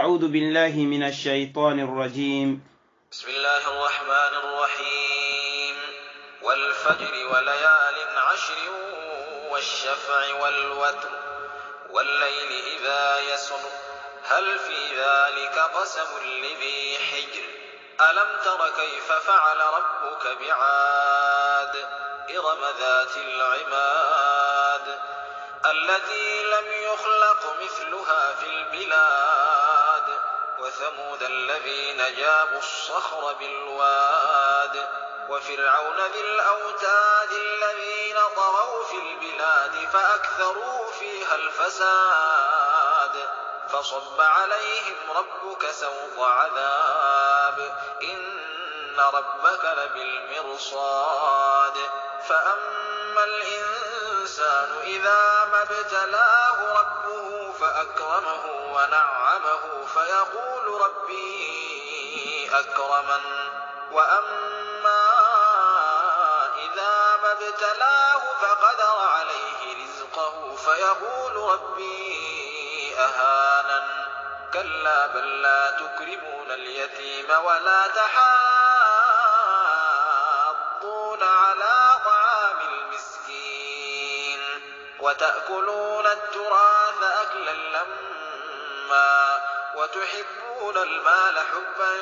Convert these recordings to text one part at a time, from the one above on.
أعوذ بالله من الشيطان الرجيم بسم الله الرحمن الرحيم والفجر وليال عشر والشفع والوتر والليل إذا يسر هل في ذلك قسم لذي حجر ألم تر كيف فعل ربك بعاد إرم ذات العماد التي لم يخلق مثلها في البلاد وثمود الذين جابوا الصخر بالواد وفرعون ذي الأوتاد الذين طغوا في البلاد فأكثروا فيها الفساد فصب عليهم ربك سوط عذاب إن ربك لبالمرصاد فأما الإنسان إذا ما ابتلاه ربه فأكرمه ونعمه فيقول ربي أكرما وأما إذا ما ابتلاه فقدر عليه رزقه فيقول ربي أهانا كلا بل لا تكرمون اليتيم ولا تحاضون على طعام المسكين وتأكلون التراث أكلا لما وتحبون ويحبون المال حبا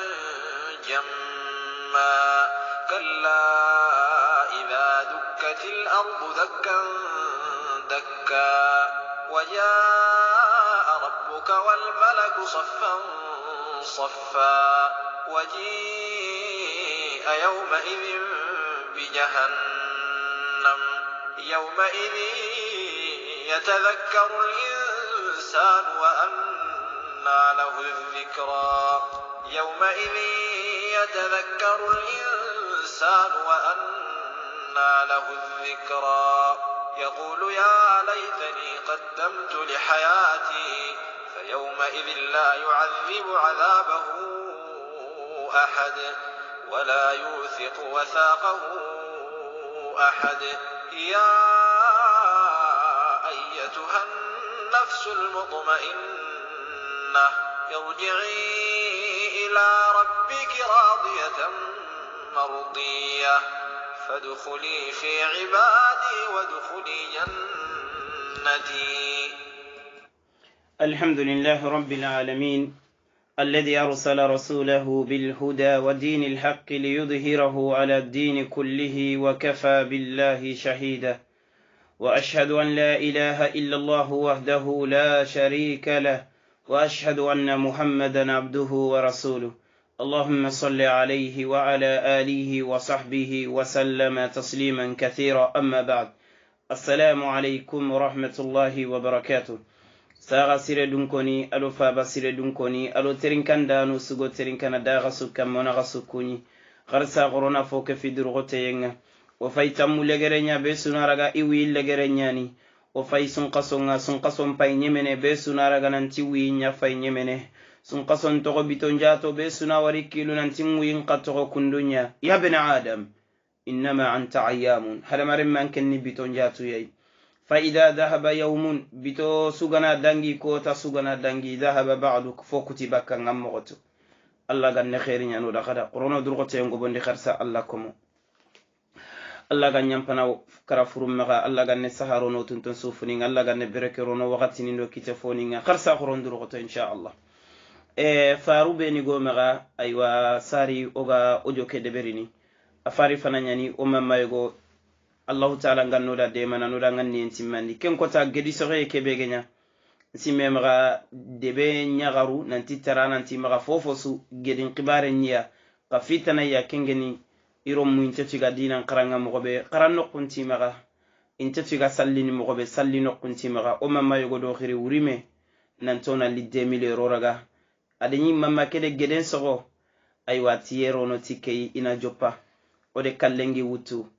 جما كلا إذا دكت الأرض دكا دكا وجاء ربك والملك صفا صفا وجيء يومئذ بجهنم يومئذ يتذكر الإنسان وأن وأنى له الذكرى يومئذ يتذكر الإنسان وأنى له الذكرى يقول يا ليتني قدمت لحياتي فيومئذ لا يعذب عذابه أحد ولا يوثق وثاقه أحد يا أيتها النفس المطمئنة الجنة ارجعي إلى ربك راضية مرضية فادخلي في عبادي وادخلي جنتي الحمد لله رب العالمين الذي أرسل رسوله بالهدى ودين الحق ليظهره على الدين كله وكفى بالله شهيدا وأشهد أن لا إله إلا الله وحده لا شريك له وأشهد أن محمدا عبده ورسوله اللهم صل عليه وعلى آله وصحبه وسلم تسليما كثيرا أما بعد السلام عليكم ورحمة الله وبركاته ساغا سير دونكوني الو فابا سير دونكوني الو تيرين كان دانو سوغو تيرين كان دا غاسو كام مونا غاسو كوني غار ساغورونا فوك في درغوتيين وفايتام لغرينيا بيسونا راغا ايوي لغرينياني o fay sunkasonga sunkason pay ñemene be sunara gananti wi ña fay ñemene sunkason toxo bito njato be suna wari kilunanti wuyin ka toxo kundunya ya bene adam innama anta ayamun hadamarenme an kenni bito njatuyay fa ida dahaba yaumun bito sugana dangi kota sugana dangi dahaba badu fo kuti bakka ngam moxoto allah ganne xeeriñanoɗa xada qurono durxoteyongobondi xarsa allah komo alla ga ñampana kara furu furummaxa alla ga ne saharo no saharono tunton sufuninga alla ga ne berekero no berekerono waxatinindo kite duro goto insha allah e faru be ni go gomaxa aywa sari oga ojo ke deberini afari fari fana ñani o yego allah taala no da de mana ngannoda demana noda nganniyen timmandi ken kota gedi so soxeye kebege ña simme maxa debe ñaxaru nanti tara nanti maxa fofosu gedin qibare nya ka fitana ya kengeni iromu inta figa dinan karanga mogobe karan nokkuntimaga inta figa sallini mogobe salli nokkuntimaga o mamma yogo do xiri wurime nanto nalli demil eroraga adañi mamma kede geden sogo aywa tiyerono ti keyi ina joppa o de kallengi wuttu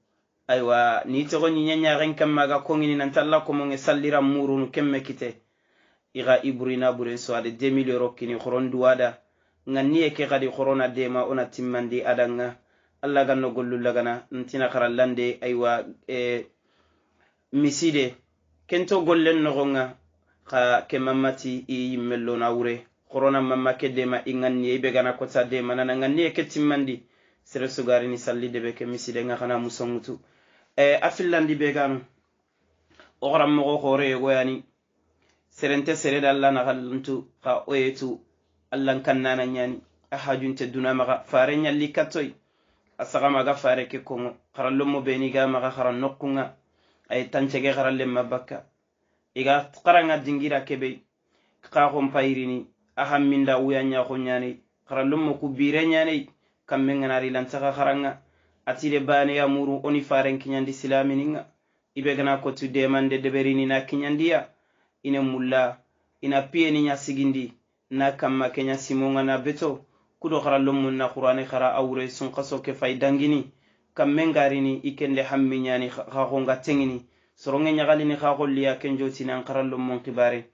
aywa ni togo ñiñañaxen kam maga kongini nanta alla komonge sallira murunu kemme kite iga iburina buren so ade demil ero kini xoron duwada ngan ni ye ke xadi xorona dema ona timmandi adanga allaga no gollullagana ntina xara lande aywa e, miside kento gollen noxonga xa ke mamati i yimmellona wure xorona mamma ke dema i ganniye i ɓegana kota dema nana ganniye ke timmandi sere sugarini salli deɓe ke miside nga xana musonŋutu e, a fillandi ɓeganu o xoran moxo xoreye goyani serente sere da alla naxalluntu xa oyetu allan kannana ñani a hajunte dunamaxa fare ñalli kattoy a sagamaga fare ke kongo xarallomo benigamaga xara nokkunga aye tancege xarallenma bakka iga xaranga dingira kebe kaxon payirini a xamminda wuya ñaxo ñane xarallomo ku bire ñane kamme nganari lantaxa xaranga atide baneya muru oni faren kiñandi silamininga ibe gana kotu demande deberini na kiñandiya ine mulla ina piyeni ña sigindi na kamma keña simonga na beto kudo xara lommun na xurani xara awure sun xaso ke fay dangini kam men ngarini i kenle xammiñani xaxo nga tengini soronge ñaxalini xaxo liya kenjotini an xara lommun xibare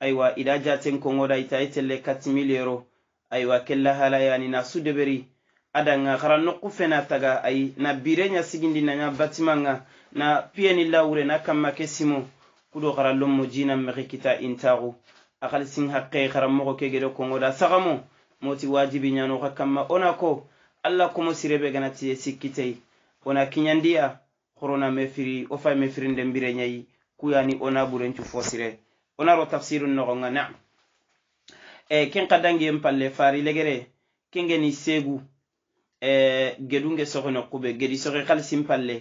aywa ida jaten kongoda ita i telle qat mille euro aywa ken lahalayani na su deberi adanga xara noqu fena taga ay na bireña sigindi naña batimanga na piyeni lawure na kamma ke simo kudo xara lommo jinan mexe kita intaxu a xalisin xaqe xara moxo ke gede kongoda saxamo moti wajibi ñanoxa kamma ona ko alla komo sirebe ganatiye sikkitey ona kiñandiya xorona me firi wo fay me firinden mbire ñayi kuyani ona burencu fo sire onaro tafsiru noxonga na e ken xa dangiyen palle fari legere kengeni segu e, gedu nge soxene xube gedi soxe xalisin palle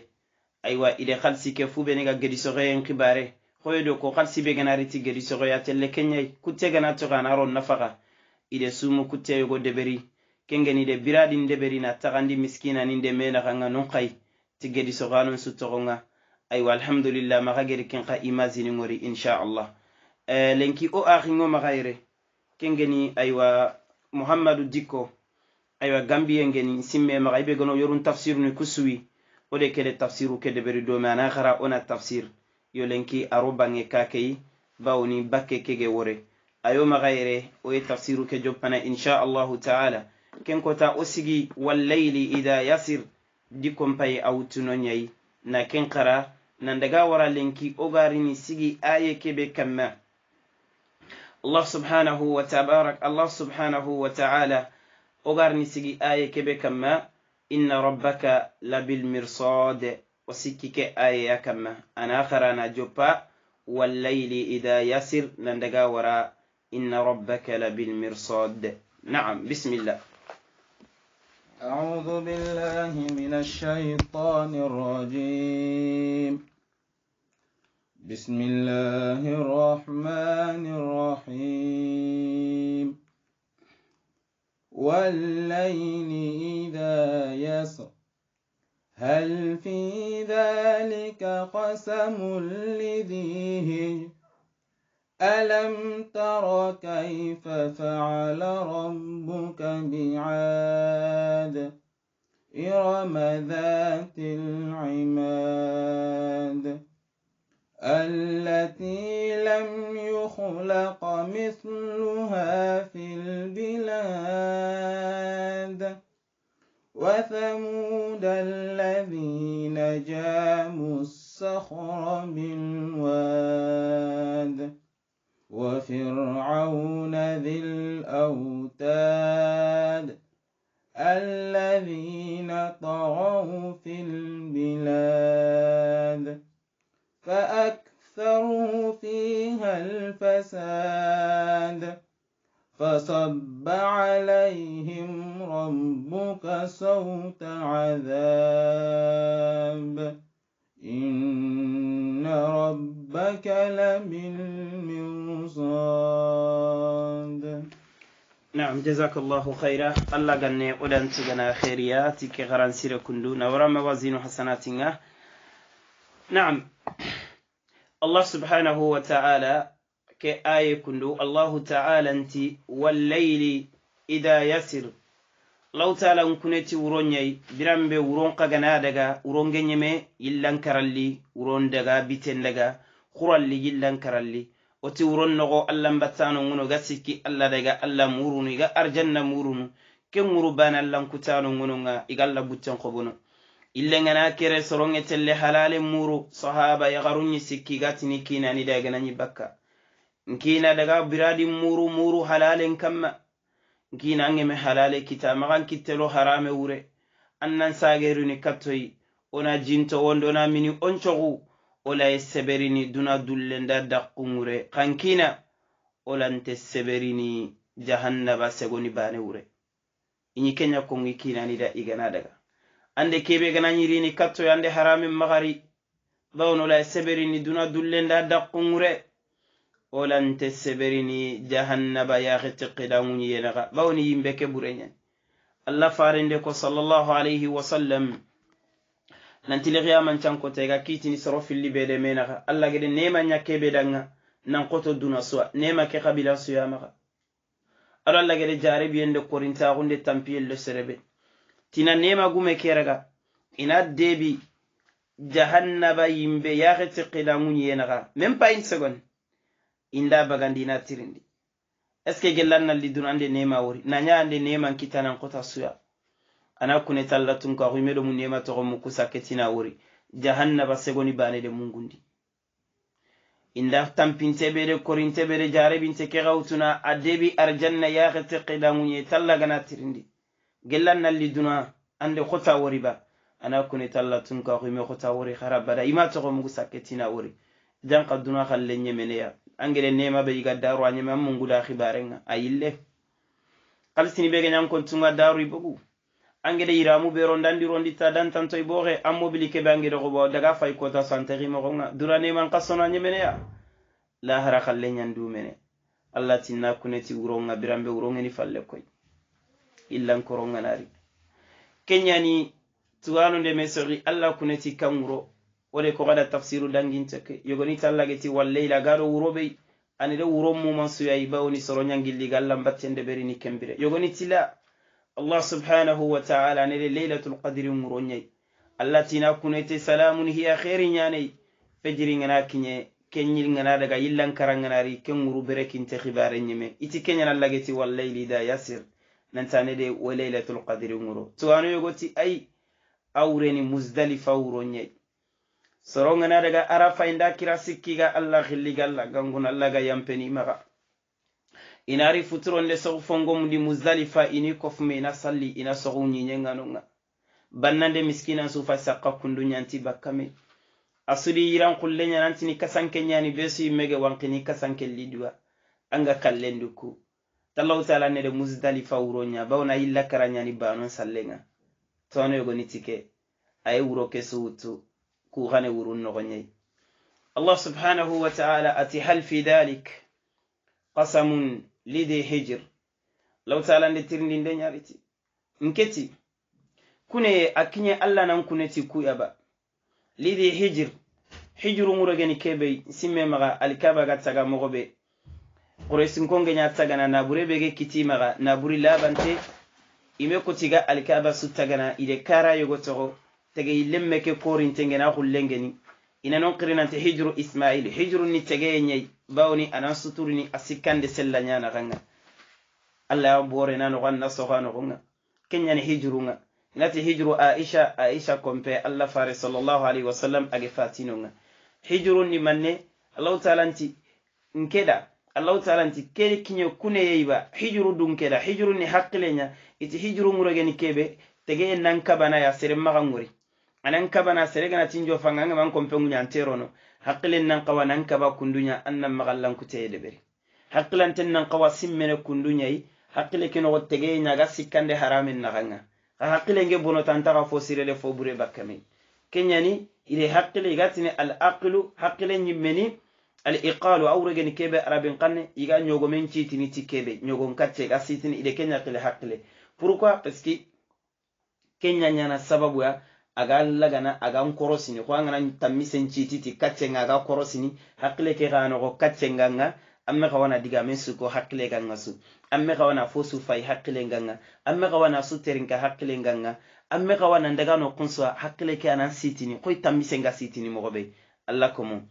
aywa ide xalisi ke fu be nega gedi soxeyen xibare xoyedo ko xalisi be ganariti gedi soxeyatelle kenñayi kutte ganatoxa anaro nafaxa ide sumu kutteyego deɓeri kengeni de biraɗin deɓeri na tagandi miskinanin de menaxanga non xay ti gedi soxanon suttoxonga aywa alhamdulillah maxa gedi ken xa imaginingori inchallah eh, lenki o axingo maxa yere kengeni aywa muhammadu diko, aywa gambiye ngeni simme maxa i ɓegano yorun tafsir ni kusuwi o de kede tafsiru ke deɓeri dome ana xara ona tafsir yo lenki aro bange kakeyi bawoni bakke kege wore ayo gayre o ye tafsiru ke insha inchallahu taala ken kota o sigi wallayli ida yasir di kompaye awutuno ñayi na ken kara nandaga wara lenki o garini sigi aye kebe kamma allah subhanahu wa tabarak allah subhanahu wa taala o garini sigi aye kebe kamma inna rabbaka labilmirsad o sikki ke ayeya kamma ana kara na joppa wallayli ida yasir nandaga wara إن ربك لبالمرصاد نعم بسم الله أعوذ بالله من الشيطان الرجيم بسم الله الرحمن الرحيم والليل إذا يسر هل في ذلك قسم لذي هجر ألم تر كيف فعل ربك بعاد إرم ذات العماد التي لم يخلق مثلها في البلاد وثمود الذين جابوا الصخر بالواد وفرعون ذي الأوتاد الذين طغوا في البلاد فأكثروا فيها الفساد فصب عليهم ربك صوت عذاب إن رب ربك لبالمرصاد نعم جزاك الله خيرا الله غني ودان تغنا خيريات كي غران سير كندو نورا موازين حسناتنا نعم الله سبحانه وتعالى كآية كندو الله تعالى انت والليل إذا يسر لو تعالى كنت وروني برام بورون قغنا دغا ورون غنيمه يلان كرالي ورون دغا بيتن دغا xuralli yillankaralli oti wuronnoxo allah n battano ŋuno ga sikki allah daga allah murunu iga arjanna murunu ke ŋuru bane allankutano ŋuno ŋa iga allah butten xobono illengana kere soronŋe telle halale muru sahaba yaxarunɲi sikki igatini kinani daganani bakka nkina daga biradin muru muru halalen kanma nkina angeme halale kita maxan kittelo harame wure an nan sagerini kattoyi ona jinto wondona mini oncoxu olaye seberini duna dullenda dakkunwure kankina olante seberini jahannaba segoni bane wure iñi kenya kongi kinanida iganadaga ande kebe gananirini kattoy ande haramin magari bawon olaye seberini duna dullenda dakkunwure olante seberini jahannaba yaketi kidanguñi yenaga bawoni yimbe ke bureñani allah farinde ko sallallahu alayhi wa sallam nantili xiyaman cankote ga kiitini soro filli beede menaxa allah gede nema ñakkebe danga nan koto duna suwa nema ke xabila suyamaxa aɗo allah gede jarebiyende korintaxunde tampiyelle serebe tina nema gume keraga ina debi jahannaba yimbe yaxeti xilaŋuñiyenaxa men pa in segon inda bagandi ina tirindi est ce que gellannalli dunande nema wori naɲaande neman kitanan kota suya ana kunetalla tun ko axuimeɗo mu nema toxo mu kusa ketina wori jahannaba segoni banede mungundi inda tampinteɓede korinteɓede jarebinte ke xawtuna a debi arjanna yaxete xidaŋuye talla gana tirindi gella nalli duna ande xota woriba ana kunetalla tun ko axuime xota wori xara bada ima toxo mugu saketina wori dan xa duna xalle ñemeneya angede nema ɓe yiga daru a ñeme an mungu da xibarenga a yille xal sini ɓegeñankontunga daru i bogu angede yiramu ɓero dandirondita dantantoy boxe an mobili keɓe angede xoɓo daga fay kota santeximoxonga duraneman kasona ñemeneya lahara xalle ñandu mene allah tinna kuneti wuronga biranɓe wurongeni falle koy illankoronganari keñani tuwano nde me sori allah kuneti kan wuro wode ko xaɗa tafsiru danginteke yogonita allageti walleyla gaɗo wuroɓey anire wuro mumansuyayi bawoni soro ñangilliga allahn battende ɓerini kembire yogonitila allah subhanahu wa taala nele leilatul qadiri muro ñay allah tina kunete salamun hiya heri ñanay fejiri ngana kiñe ke ñil ngana daga yillankara nganari ke nguru bere kinte xibare ñeme iti keñana lageti wallayli da yasir nanta nede wo leilatul qadiri nguro tuwano yogoti ay awreni musdalifa wuro ñay soro ngana daga arafa inda kira sikkiga allah xilligalla gangun allah ga yampenimaxa inari futuronde sogu fongomudi musdalifa ini kofume ina salli ina sogu ñiñenganonga bannande miskina sufa sakka kundu ñanti bakkame asudi yiran kulle ñanantini kasanke ñani besu yimmege wankini kasanke liduwa anga kallenduku tallahu taala nede musdalifa wuro ña bawna yilla kara ñani banon sallenga tono yogonitike aye wuro kesu wuttu kuhane wurun nogoñayi allah subhanahu wa taala ati hal fi dalik qasamun lede hejir law tala nde tirndi nde yariti nketi kune akkiñe allah nan kuneti kuyaba lidi hijir hijiru ŋurogeni kebey simme maga alikaba ga taga mogobe quraysinkonge ya tagana naburee bege kiti maga naburi labante ime kotiga alikaba su tagana ide kara yogo togo tege ilemmeke korintengena hullengeni inanon qirinante hijiru ismail hijiru ni tegeye ñayi bawni anan suturni a sikkande sella ñana kanga allah ya bore na nogo anna sogano konga kenñani hijru nga nati hijru aisha aisha compe allah fare salllahu alayhi wa sallam age fatino nga hijru ni manne allahu talanti nkeɗa allahu talanti ke kiño kuneyeyba hijru dunkeɗa hijru ni hakkileña iti hijru ngurogeni keɓe tege en nan kabanaya sere maxa nguri anan kabana sere ganatinjofanga ngaman compe nguñanterono hakkilen nan kawa nan kaba kundunya annan magallan kute ye debere hakkilanten nan kawa simmene kundunyayi hakkile kinogo tegeye ñaga sikkande haramen naganga ka hakkile nge bonotantaga fo sirele fo bure bakkame kenyani ire hakkile igatini al aqilu hakkile yimmeni al iqalu awregeni kebe arabin kanne iga ñogomen citini ti kebe ñogon kacce ga sitini ide kenya kile hakkile pourquoi parce que kenya ñana sababuya a aga lagana agan korosini ko angana tammi sencititi kaccenga aga korosini hakkile ke ganogo kaccenganga amme gawana digamen suko hakkile ganga su amme wana fo su fay hakkile ganga amme gawana su terinka hakkile ganga amme gawana ndagano kunsuwa hakkile ke anan sitini koy tammisenga sitini mogobe allah komo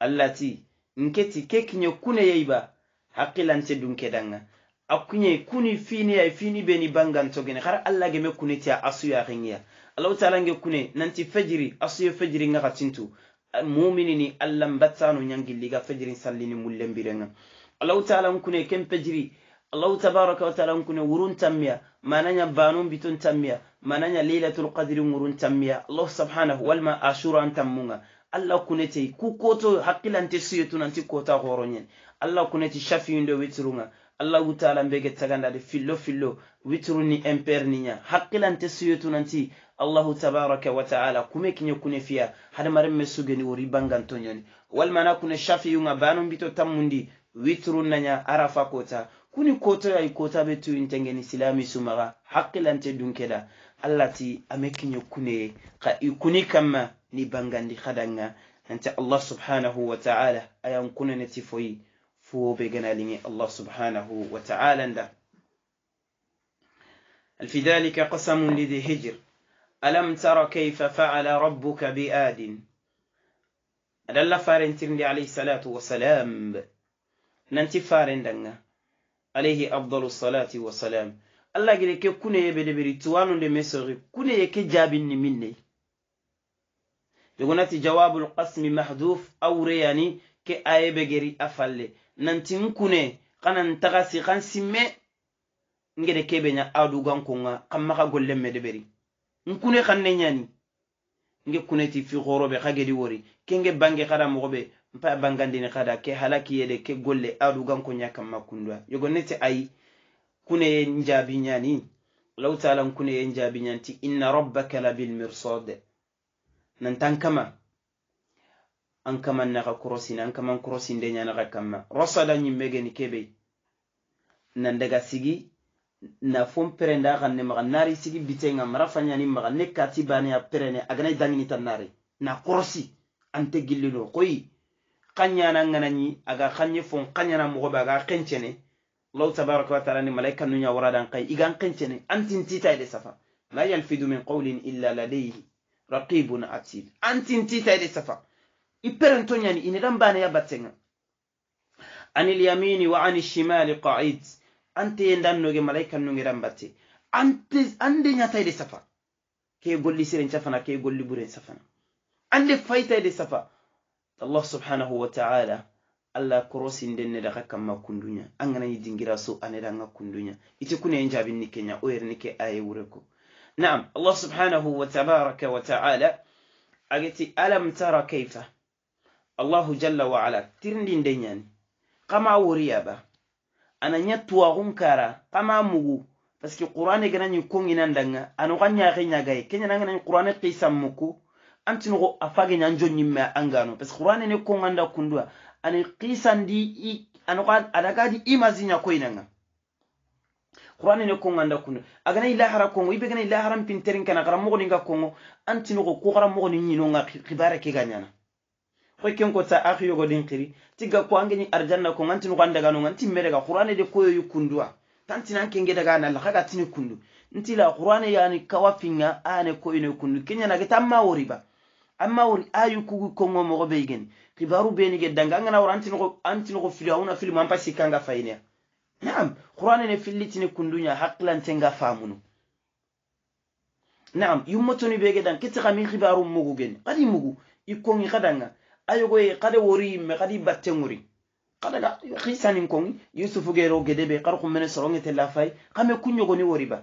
allah ti nketi ke kiɲe kune ba hakilan hakkilante dunke danga a kuɲe kuni fini yai fini beni bangantogene hara allah geme kunitiya asuyaxingiya allah taala nge kune nanti fajiri asuye fajiri nga katintu mumini ni muminini allah mbattano ñangilliga fajiri sallini mulle mbirenga allah taala nkune ken fajiri allah tabaraka wa taala nkune wurun tammiya mananya banun bitun tammiya mananya lailatul qadri wurun tammiya allah subhanahu walma ashura an allah kunete ku koto hakkilante suyetun anti kota horoñen allah kuneti shafiyunde witirunga allahu taala mbege tagandade fillo fillo witru ni imper niya hakkilante suyotu nanti allahu tabaraka wa taala kume kiɲe kune fiya hadamaren me sugeni wori banganto ɲoni walima na kune shafiyunga banonbito tammundi witru naya arafa kota kuni koto ya ikota be tuyintengeni silami sumaga hakkilante dunkeda allah ti ame kiɲe kuneye ka i kuni kanma ni bangandi hadanga nanti allah subhanahu wa taala ayan kuneneti foyi fuwo be ganalinye allah subhanahu wa ta'ala nda alfi dhalika qasamun lidi hijir alam tara kaifa fa'ala rabbuka bi adin adalla farentirndi alayhi salatu wasalam nanti farendanga alayhi afdalu salati wasalam allah gide ke kuneye bedeberi tuwanunde mesori kuneye ke jabinni minne ɓegonati jawabul qasmi mahduf awreyani ke aye begeri afalle nantin kune kanan tagasi kan simme ngede kebe nya adu gan kunga kan maka golle mede beri nkune kan ne nyani nge kune ti fi gorobe kage di wori kenge bange kada mogobe mpa bangandi ne kada ke halaki yede ke golle adu gan kunya kan makundwa yogo ne ti ai kune ye njabi nyani law taala nkune ye njabi nyanti inna rabbaka la bil mirsad nan tankama kama an kaman naxa korosini an kaman korosindeñanaxa kanma rosala ñimmegeni kebe nan daga sigi na fon perenda xanne maxa nari sigi bitenga mara fañani maxa ne kati baneya perene aganay danginitan nari na korosi ante gillino koyi xañana ganañi aga xañe fon xañana moxobe aga xencene allahu tabaraka wa taala ni malaika nuña waradan xay igan xencene antintitay de safa la yalfidu min qawlin illa ladayhi raqibun atid antintitay de safa i perentoñani ine ɗan mbane yabatenga an ilyamini wa an ishimali qaid ante yendannoge malaika nuge ɗan batte ante ande ñataide safa ke golli siren safana ke golli buren safana ande faytaide safa allah subhanahu wa taala allah korosindenne daga kamma kunduña anganayi dingira so aneɗanga kunduña ite kuneye jabinni keña o yerni ke aye wure ko naam allah subhanahu wa tabaraka wa taala agati alam tara kayfa allahu jalla waala tirindinde ñani kama woriyaba ana ɲa tuwaxun kama mugu paske qur'ane gana ɲi koŋinandanga anoxa ɲaxe ɲagaye keɲanangana ɲi antinoxo a fage ɲan jo ɲimme angano paske qur'ane ne koŋanda kunduwa ani xisandi anoxa adagadi imasi ɲa koyinanga qur'ane ne koŋanda kundu agana ilahara koŋo i be gana ilaharan pinterin kana xaramoxoninga koŋo antinoxo ko xaramoxoni ɲinonga xibara ke ga hokken ko sa ahiyogo ɗin kiri tigga ko angeni arjanna ko ganti nuko andaga no ganti mbe daga qur'ane de ko yoyu kunduwa tantinanke nge daga nalla kaga tini kundu nti la qur'ane yani kawa finga ane ko ine kundu kenya nage tamma wori ba amma wori ayu kugu ko ngomo go be igen kibaru be ni gedda nga ngana waranti no anti no fili awuna fili man pasi kanga fayne naam qur'ane ne filli tini kundunya haqlan tenga famunu naam yummatoni be gedan kitta kamin kibaru mugu gen qadi mugu ikongi kadanga ayogoye kade wori yimme kadi batte ŋuri kadaga xisanin koŋi yusufu gero gedebe xarxumene soroŋe tella fay xame kunɲogoni woriba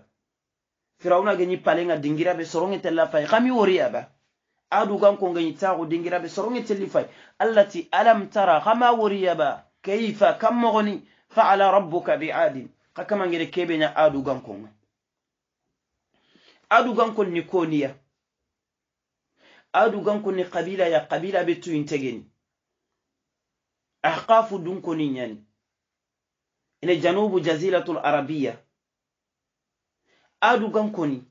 firawuna geñi palenga dingirabe soroŋe tella fay xami wori aba adugan ko geñi taxu dingirabe soroŋe telli fay allati alam tara xama wori aba kayifa kam moxoni faala rabuka biadin xa kamangede keɓeña adugan koŋa adugan kon ni koniya adugan kunni kabila ya kabila betu tuyintegeni ahkafu dun koni ñani ina janubu jaziratul arabiya adugan koni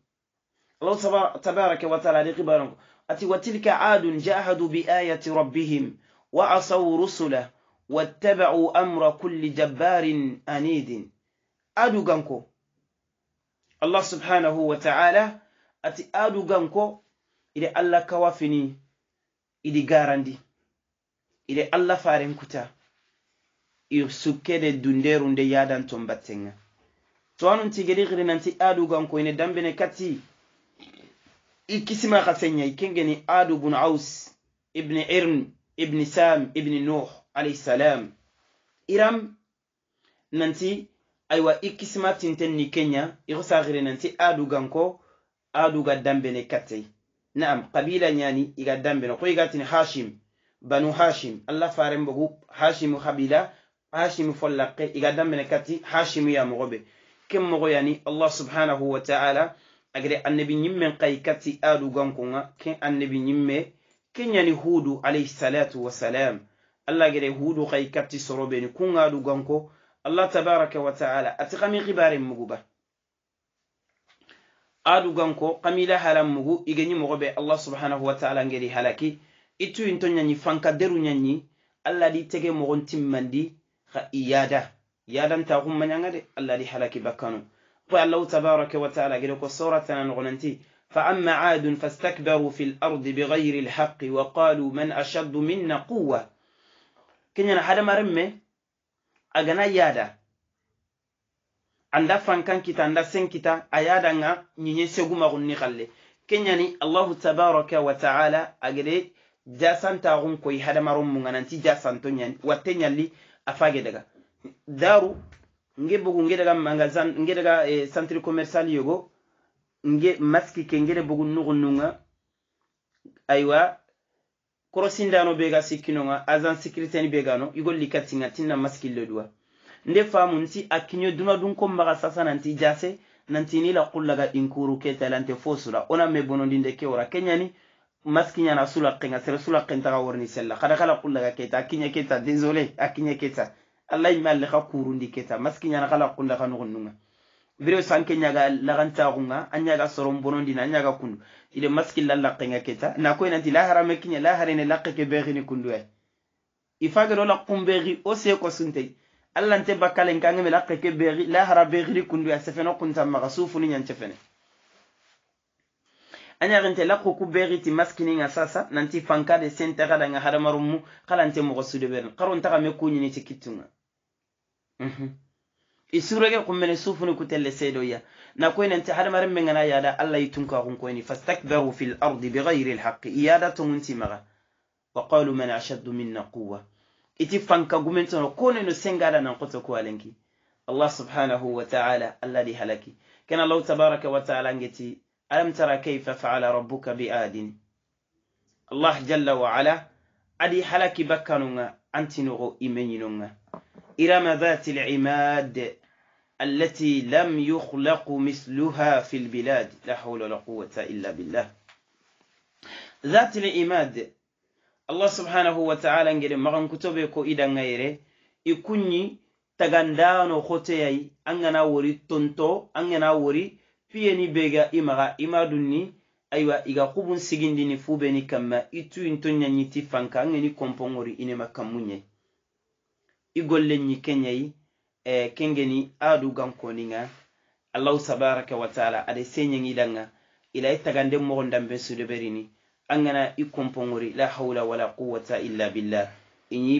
allah tabaraka wa taala adi kibaranko ati wa adun jahadu bi ayati rabbihim wa asaw rusula wattaba'u amra kulli jabbarin anidin aduganko allah subhanahu wa ta'ala ati aduganko iɗe allah kawafini iɗi garandi iɗe allah farenkuta i sukkede dunderu nde yadanton battenga to anun tigedi xiri nanti aɗugankoy ne dambene kati i kisima xa senya i kengeni adu bun aus ibne irn ibne sam ibne nuh alayhisalam iram nanti aywa i kisima tinten ni kenya i xosa xiri nanti aɗuganko aɗuga dambene kattey naam kabila ñani iga dambeno ko igatini hashim banu hashim allah farenbogu hashimu kabila hashimu follakke iga dambene kati hashimu ya mogoɓe ken mogoyani allah subhanahu wa taala agere annabi ñimmen kayi kati adu gankunga ken annabi ñimme ke ñani hudu alayhi salatu wasalam allah gere hudu kayi kati soroɓeni kun adu ganko allah tabaraka wa taala ati kami kibaren muguba aduganko kamila halanmugu igeni mogo be allah subhanahu wataala ngeri halaki itu into ɲani fanka deru ɲani allah di tege mogon timmandi ka iyada yadanta kummaɲanga de allah di halaki bakkanu ko allahu tabaraka wataala gede ko soratana nogonanti fa amma adun fastakbaru fi lardi bigayri lhaqi wa qalu man ashaddu minna quwa kenyana hadamaren me agana yada anda fankan kita anda sen kita a yadan ga ɲiɲe segumaxunni xalle kenɲani allahu tabaraka wataala agede jasantaxun koyi hadamaron munganati jasanto ɲani watte ɲalli afage daga daru nge bugu nge daga magasin nge daga eh, centre commercial yogo nge maski ke ngede bugu nuxununga aywa korosindano be ga sikkinonga agent sécuriténi be gano igolli kattinga tinna maskille duwa nde faamu nti a kiño duna dun ko maga sasa nanti jase nanti ni la kullaga inkuru ke talante fo sula ona me bonondi nde ke wora kenyani maskiñana sula kenga sere sula kentaga worni sella xada kala kullaga keta a kiña keta désolé a kiña keta allah yimme alle xa kurundi keta maskiñana xala kullaga nuxun nunga vireo san ke ñaga laxantaxunga a ñaga soron bonondina a ñaga kundu ile maskilla laqenga keta na koy nanti laharame kiña laharene laqe ke ɓeexini kundu ay i fagedo laqum ɓeexi o seeko sunteyi allah nte bakkalen kange mel akke ke beeri lahara beeri kundu ya sefeno kunta maga sufuni ñance fene a ñarinte lakku ku beeri ti maskininga sasa nanti fankade sentaxadanga hadamaru mu xalante moxo sudeɓeen xaro ntaxa me kuñini ti kittunga mhm. i surege kummene sufuni kutelle seedoya na koy nante hadamaren mengana yaada allah yi tunka xun koyni fastakbaru fi lardi bi gayri lhaqi i yaada tongunti maxa wa qalu man ashaddu minna quwa iti fanka gumento no kono no sengala na koto ko alenki allah subhanahu wa ta'ala alladhi halaki kana allah tabaraka wa ta'ala ngeti alam tara kayfa fa'ala rabbuka bi adin allah jalla wa ala adi halaki bakkanunga go imenyinunga irama dhati al-imad التي لم يخلق مثلها في البلاد لا حول ولا قوة إلا بالله ذات الإماد allah subhanahu wataala gede magankutobe ko idangayere i kunyi tagandano hoteyayi angana wori tonto angana wori piyeni bega imaga imadunni aiwa iga hubun sigindini fubeni kamma ituintoyayiti fanka angeni komponori inema kammuyai igollenyi kenyayi eh, kengeni adu gankoninga allahu sabaraka wataala ada senyeng idanga ilai tagande mogo dambe sudeberini an gana i kompoŋori la hawla wala quwata illa billah iñi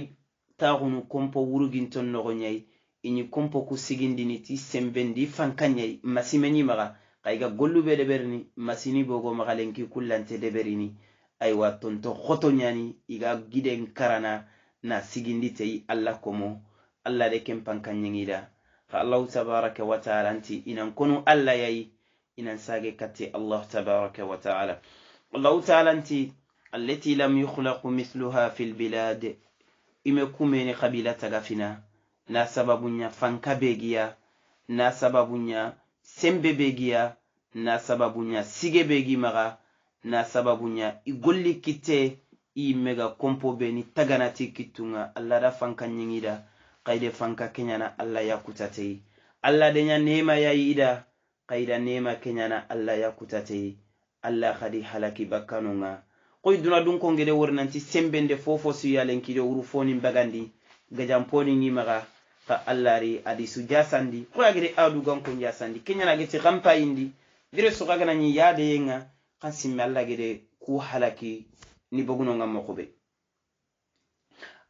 taxunu kompo wuruginton noxoñayi iñi kompo ku sigindini ti sembendi fankanñayi masimeñimaxa xayiga gollu be deberini masini bogo maxa lenki kullante deberini aywa tonto xotoñani iga giden karana na siginditeyi alla komo alla de ken pankanñeŋida xa allahu tabaraka wa taala nti inan konu alla yayi inan sage katte allahu tabaraka wa taala allahu taala nti allati lam yuhlaqu mithluha fi lbilad ime kumeni kabila tagafina na sababuya fanka begiya na sababuya sembe begiya na sababuya sige begi maga na sababuya igolli kitte imega kompo beni taganati kittunga allah da fanka yingida kaide fanka kenyana allah yakutateyi allah deya nema yayida kaida nema kenyana allah yakutateyi allah kadi halaki bakkanu ŋa koy duna dun kongede wori nanti sembende fofo suyalen kido wuru fonin bagandi gajanponin yimaga ka allah ri adi su jasandi koy agede aduganko jasandi kenyanageti kampayindi bire suga ganayi yadeyeŋa kan simme allah gede ku halaki ni bogunoŋa mokube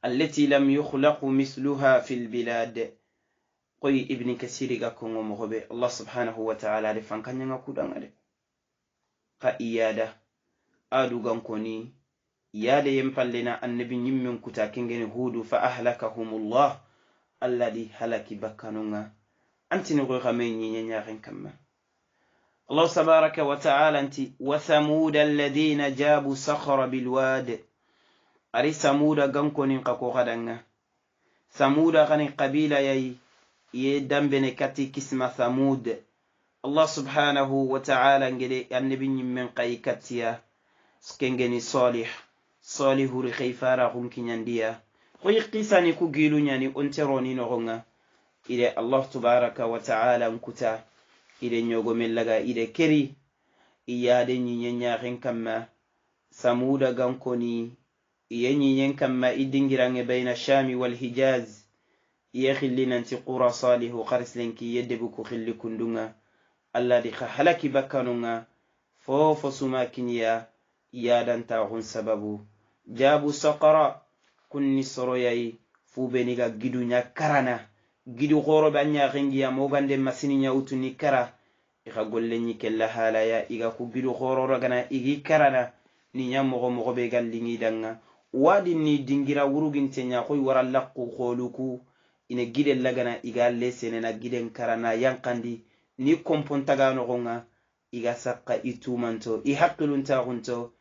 allati lam yuhlaku misluha fi lbilad koy ibni kasiri gakkoŋo mokobe allah subhanahu wa taala ade fankanyaŋa kudaŋa de fan haa iyaada aadugonko ni yaada yen palle na annabi yimmin kutakingeni huudu fa ahlakahumullah allah di halaki bakkanunga antini goyxa ma ñiñañaxen kam ma allahu tabaraka wa taala nti wa thamuda alladina jabu sahara bilwad ari samuda gankonin xa koxadanga samuda xani qabila yayi ye dambene kati kisma thamude الله سبحانه وتعالى يعني بني من قيكتيا سكنجني صالح صالح رخيفارا غمكن يانديا خي قيساني كو جيلو يعني انتروني نغنى إلى الله تبارك وتعالى انكتا إلى نيوغو من لغا إلى كري إيادي نيني نيغن كما سمودا غنكوني يني نيغن كما إدن جران بين الشام والهجاز يخلي ننتي قرى صالح قرس لنكي يدبكو خلي كندونا allah di ka halaki bakkanunga fofo suma kiniya yadantaxun sababu jabu sokara kunni soroyayi fubeniga giduya karana gidu xoroɓe a ñaxingiya mogande masininya wutuni kara ixa golleñi kella halaya iga ku gidu xororogana igi karana niya moxo moxobe ga lingidanga wadin ni dingira wuruginteya xoy wara lakku xoluku ine gidellagana iga lesenena giden karana yanxandi ni kompontaganogonga iga sakka i tumanto i hakkiluntagunto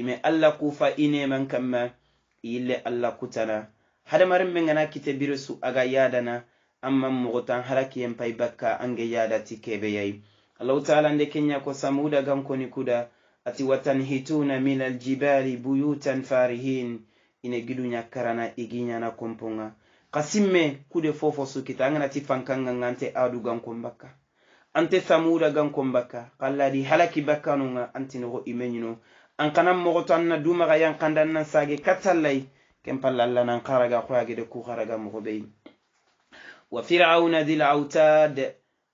ime allah kufa i neman kanma iyille allah kutana hadamaren men gana kite birisu aga yadana amma mogotan harakiyen pai bakka ange yadati kebeyai allahu taala nde kenya ko samuda gankoni kuda ati watanhituna min aljibali buyutan farihin ine giduya karana iginyana komponga kasimme kude fofo sukita anganati fankanga ngante adu gankon bakka ante samuda gankon bakka kalladi halaki bakka nunga antinogo imeñino an kanan mogotanna dumaga yankandannan sage katallay ken palla allah nan karaga koyagede ku haraga mogo ɓey wa firauna dil autad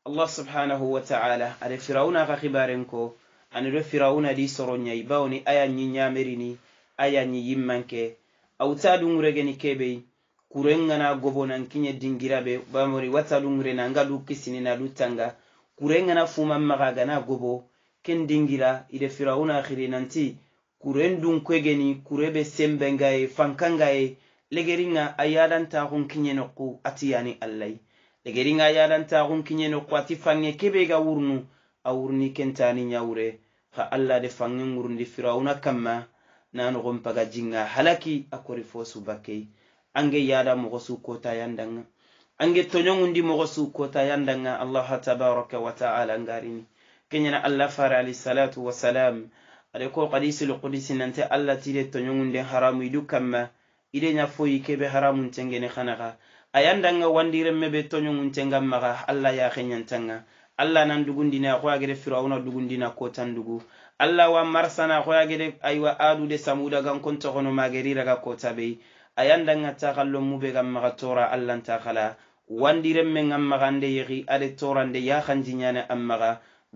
allah subhanahu wa taala ada firauna ka xibaren ko anido firauna di soro ñayi bawoni ayanñi ñamerini ayanñi yimmanke autadunguregeni keɓey kurenga na gobo nan kiñe dingiraɓe bamori watalungure nanga lu kisini na lu tanga kure ŋana fuman maga gana gobo ken dingila ile firawuna axiri nanti kuren dun kwegeni kure be senbenga ye fanka nga ye legeriŋa a yalantaxun kiɲe noku ati yani allai legeriŋa a yalantaxun kiɲe noku ati fanŋe kebe ga wurunu a wurni kentani ɲawure xa alla de fanŋe ŋurundi firawuna kanma na nogonpaga jinŋa halaki a korifosu bakkei ange yala moxo su kotayandanŋa ange toñogundi mogo sukkota yandanga allaha tabaraka wataala ngarini keñana allah fara alayhi salatu wasalam ada ko kadisil kudisi nante allah tide toñogunden haramu idu kamma ide ñafoyi kebe haramuntengene xanaxa a yandanga wandirenme be toñoguntengammaxa allah yaxeñantanga allah nan dugundina xo yagede firauna dugundina kotan dugu allah wa marsana xo yagede aywa adude samuda gankontoxono mageriraga kota bei a yandanga taxallo mube gammaxa tora allahnta xala wandiremme ŋan maxande yexi ale torande yaxanji ɲane an maxa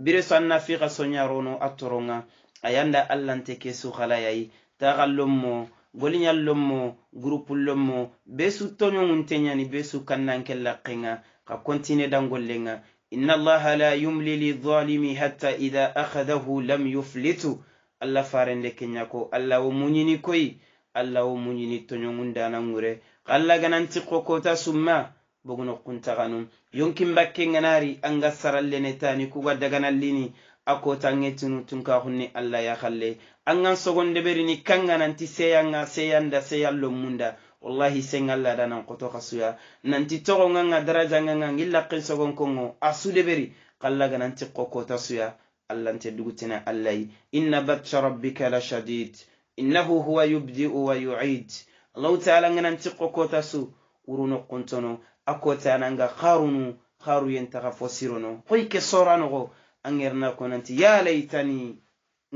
bire sanna fixa soɲarono a toronŋa a yanda allante ke suxalayayi taxa lon mo goliɲa lon mo gurupu lon mo be su toɲoŋunte ɲani be su kannanke laxenŋa xa kontine dangollenŋa inna allaha la yumli lizalimi hatta ida axadahu lam yuflitu allah farende kenɲa ko allah wo muɲini koyi allah wo muɲini toɲoŋundananŋure xa allah ganantixo kota summa bogno kuntaganum yonkin bakkengenari anga sarallenetani kuga daganallini akotange tunu tunkahunni allah yahalle angan sogonde berini kanganganti seyanga seyanda seyallo munda wallahi sengalla danan koto kasuya nanti togo ganga daraja ganga gillakin sogon kongo asude beri kalla gananti kokota suya allah nte dugutina allahyi inna batsha rabbika la shadid innahu huwa yubdiu wa yuid allahu taala gananti kokota su wuruno kuntono akote ananga harunu haru yentaha fo sirono hoyke soranogo angerna konanti ya laytani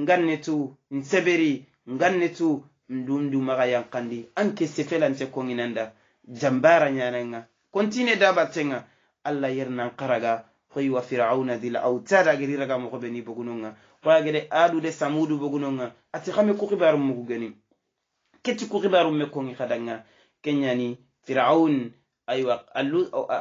ngannetu nseberi ngannetu ndumdu maga yankandi anke sefelante koginanda jambara ñananga kontine dabatenga allah yernan karaga hoywa firauna dila autad ageriraga mogobeni bogunonga hoyagede adude samudu bogunonga ati hame kukibarum mugugeni keti kukibarumme kongi hadanga kenyani firaun aywa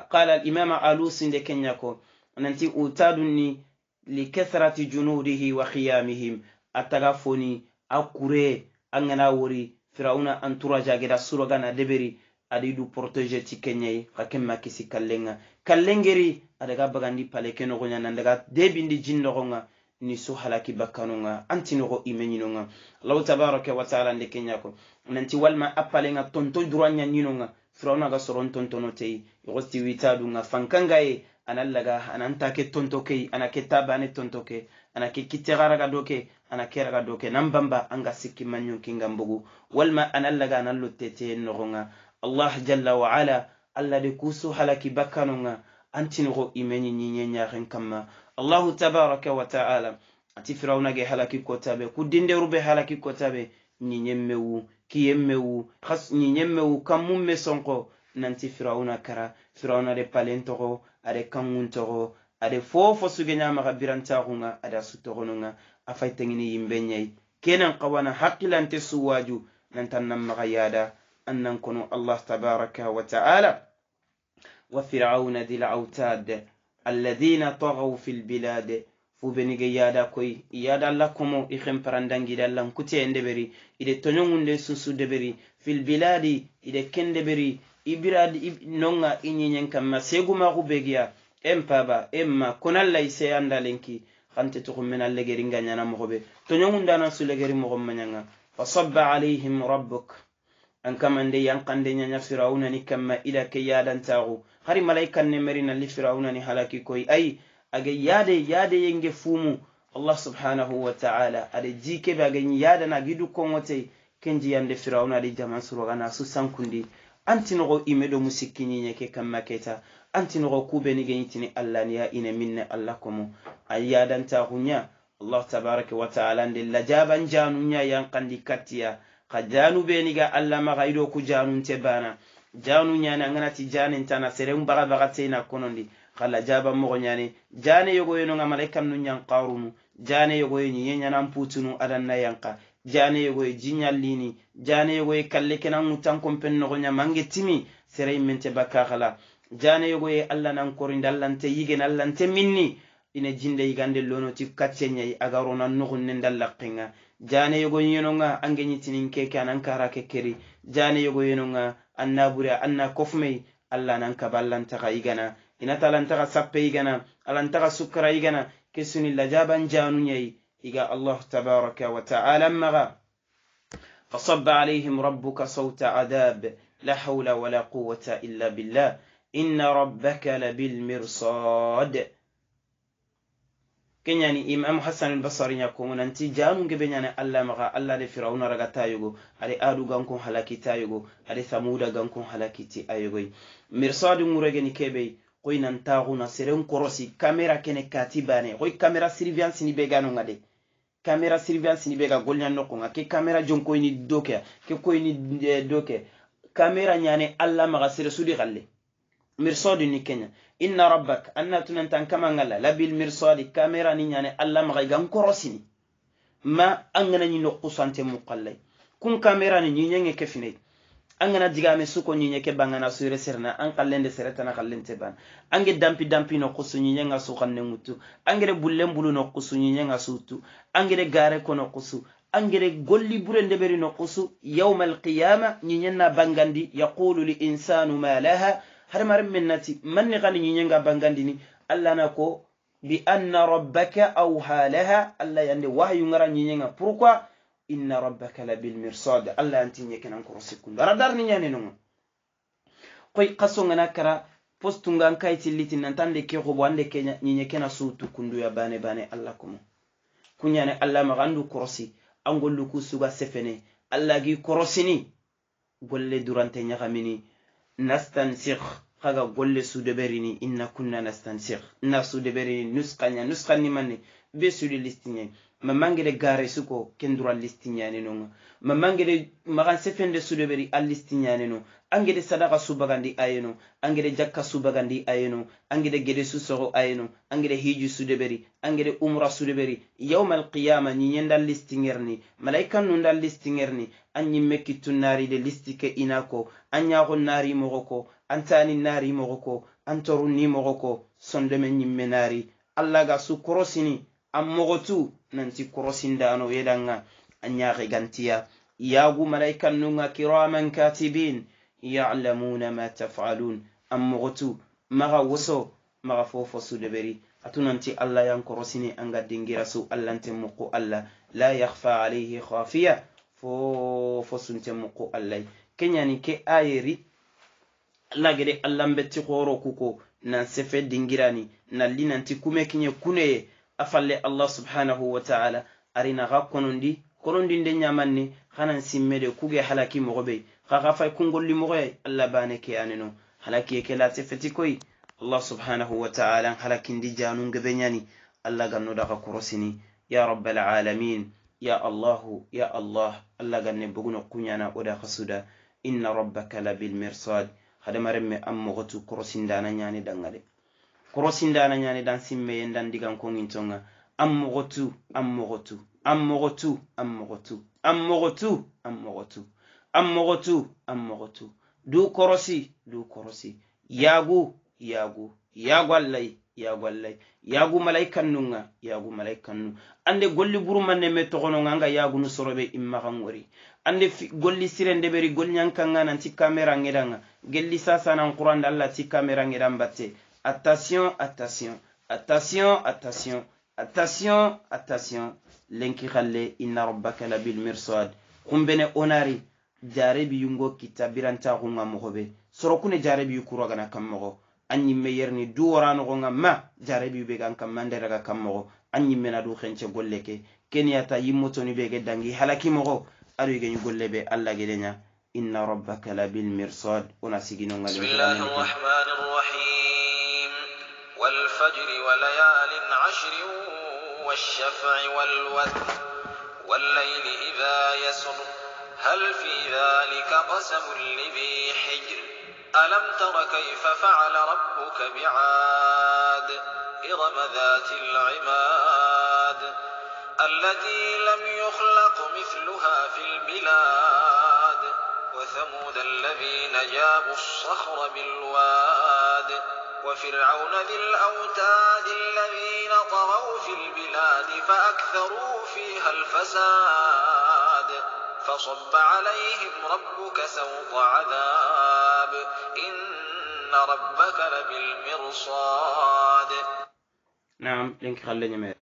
qala alimama alusi nde kenya ko nanti utadu ni li kathrati junudihi wa khiyamihim a taga foni a kure a gana wori firauna anturajageda surogana deberi aɗa yiɗu protégé ti kenyayi ka kemma kisi kallenga kallengeri adaga bagandi paleke nogoya nandaga debindi jinnogonga ni su halaki bakkanonga anti nogo imeñinonga allahu tabaraka wa taala nde kenya ko nanti walma a palenga tonto duranya ninonga firawuna ga soron tontono tei ixosti wita dunga fankangaye ana laga ananta ke tonto ke ana ke tabane tonto ke ana ke kitexaraga do ke ana ke raga do ke nan bamba anga sikki mannyon kingan bugu walma ana laga ana lotte teye noxonga allah jalla waala allah de kuso halaki bakkanonga antinixo imeni ñiñeñaxen kamma allahu tabaraka wa taala ati firawunage halaki kotabe ku dinderube halaki kotabe ñiñen mewu kiyemmewu ɲiɲemmewu kanmun me sonko nanti firawuna kara firawuna de palentogo ade kanŋuntogo ade fofo sugeɲamaga birantaxunga ada sutogononga tengini yimbe ɲai kenan qawana hakkilante suwaju nantan nan maga yada an nan allah tabaraka wa ta'ala wa firauna dil autad alladina tagau fi lbilade ubenige yada koy yada allah komo i xemparandangide allah nkuti e ndeɓeri iɗe toñogunde susu ndeɓeri fil biladi iɗe kendeɓeri ibira nonga i ñiñen kamma segumaxu begiya en paba en ma kon allah i se anda lenki xante tuxummena legeri ngañana moxoɓe toñogundana su legeri moxon mañaga fa sabba alayhim rabbok an kamande yanqande ñaña firawunani kamma ila ke yadantaxu xari malaikan ne merinalli firawunani halaki koy ayi aga yade yade yenge fumu allah subhanahu wa ta'ala ada ba aga yada na gidu kan kenji yande firawna da jaman suroga na su sankundi antinogo imeɗo mu sikkiñiñeke kube ni ganyi tini allah ya ina minne allah kuma a yadanta hunya allah tabaraka wa taala nde lajaban yang yankandi katiya. ka janu beniga allah maga iɗo ku te bana Janunya na ngana ti janin tana seren baga baga tena konondi kala jabanmogo ñani jane yogoyenoga malaikan nu ñan karunu jane yogoye ñi ye ñanan putunu adanna yanka jane yogoye jiñallini jane yogoye kalle kenan ŋutankonpen nogo ña mange timi serei mente bakka kala jane yogoye allah nan korinde allante yigen allante minni ine jinde yigande lonoti kacce ñayi agarona nogun nendallakkinga jane yogoyenoga ange ñitinin keke anankara kekkeri jane yogoyenoga annaburi anna kofumei allah nan kaballantaka yigana inata alantaxa sappe igana alantaxa sukkara igana ke sunilla jaban janunyai iga allah tabaraka wa taala maxa فصب عليهم ربك صوت عذاب لا حول ولا قوة إلا بالله إن ربك لبالمرصاد kenyani imam hassan albasari ya kuma nan ti janun allah maka allah da firauna raga tayugo ari adu gankun halaki tayugo ari samuda gankun halaki ayugo mirsadu murage kebe koy nantaxuna seren korosi camera kene katibane koy camera surveillance ni ɓeganonga de camera surveillance ni ɓega golñan nokkonga ke camera jonkoyni dokea ke koyni eh, dokea camera ñane allah maxa sere sudi xalle mirsodi ni kena inna rabbak annatunantan kamangala labil mirsodi camera ni ñane allah maxa igan korosini ma angana ñi nokku sante muqallay kun camera ni ñiñenge kefinay an gana digame suko ñiñe ke bangana sure serna an kallende seretana kallente ban ange dampi dampi no kusu ñiñe nga su xanne ŋuttu angere bullen bulu no kusu ñiñe nga suttu angere gare ko no kusu angere golli bure ndeɓeri no kusu yauma alqiyama ñiñenna bangandi yaqulu linsanu ma laha haremaren men nati manni xani ñiñenga bangandini allah na ko bi anna rabbaka auha laha allah yande wahayungara ñiñenga pourquoi inna rabbaka la bilmirsad allah yantinñe kenan koro sikkundu ara darni ñane nonga koy kasongana kara postunga n kayitilliti nanta ande ke xubo ande ke ñiñe kena su tukkunduya bane bane allah komo kuñane allah maxa andu korosi an gollu ku suga sefene allah gi korosini golle durante ñaxamini nastansikh xaga golle sudeberini inna kunna nastansikh na sudeberini nusxaña nusxanimanni be sudi listiñai mamangede gare suko kenduro a listi ñane non mamangede magan sefende suɗoɓeri a listi ñane non angede sadaka subagandi aye non angede jakka subagandi aye non angede gede susogo aye non angede hiju suɗoɓeri angede umra suɗoɓeri yauma alqiyama ñiñenda listi gerni malaika nunda listi gerni an ñimmekki tunnari de listi ke ina ko an ñago nari mogo ko an tani nari mogo ko an toru ni mogo ko sondeme ñimme nari allah ga su korosini anmogotu nanti korosindano yedanga anyaxe gantiya yagu malaikannunga kiraman katibin yaclamuna ma tafcalun anmogotu maga woso maga fofo sudeberi atu nanti allah yan korosini anga dingirasu allantemuku allah la yahfa alayhi khafiya fofo suntemuku allahy keyani ke ayeri lagede allahnbetti xoro kuko nan sefe dingirani nalli nanti kume kiye kuneye a falle allah subhanahu wa taala arina xa konondi konondi nde ñamanni xanan simmede kuge halaki moxo ɓey xa xa fay kungolli moxoye allah bane ke aneno halakiye ke lase feti koy allah subhanahu wa taala n halakindi janungeɓe ñani allah ganno ɗaxa kurosini ya rabb alalamin ya allahu ya allah allah ganne boguno kuñana oɗaxa suda inna rabbaka labilmirsad xadama renme an moxotu korosindana ñani ɗanga de korosindananyani dan simmeyen dan digan kongin tonga anmogotu anmogotu anmogotu anmogotu anmogotu anmogotu anmogotu anmogotu du korosi du korosi yagu yagu yagu allai yagu allai yagu malaikannunga yagu malaikannu ande golli burumanne me togononganga yagunu sorobe immagan wori ande golli sirende beri golli nyankanga nanti kamera ngedanga gelli sasa nan kuranda allah ti kamera ngedan batte attention attention attention attention attention attention lenki khalle inna rabbaka labil mirsad kumbene onari jarebi yungo kitabiranta biranta kunga mogobe soro kune jarebi yukura gana kammogo anyi meyerni duwara nogo ma jarebi yubegan gan kamma nderaga kammogo anyi na du khence golle ke keniyata bege dangi halaki mogo ado yigenyu golle be alla gedenya inna rabbaka labil mirsad ona sigino Bismillahirrahmanirrahim. والفجر وليال عشر والشفع والوتر والليل إذا يسر هل في ذلك قسم لذي حجر ألم تر كيف فعل ربك بعاد إرم ذات العماد التي لم يخلق مثلها في البلاد وثمود الذين جابوا الصخر بالواد وفرعون ذي الأوتاد الذين طغوا في البلاد فأكثروا فيها الفساد فصب عليهم ربك سوط عذاب إن ربك لبالمرصاد نعم لنك خليني مير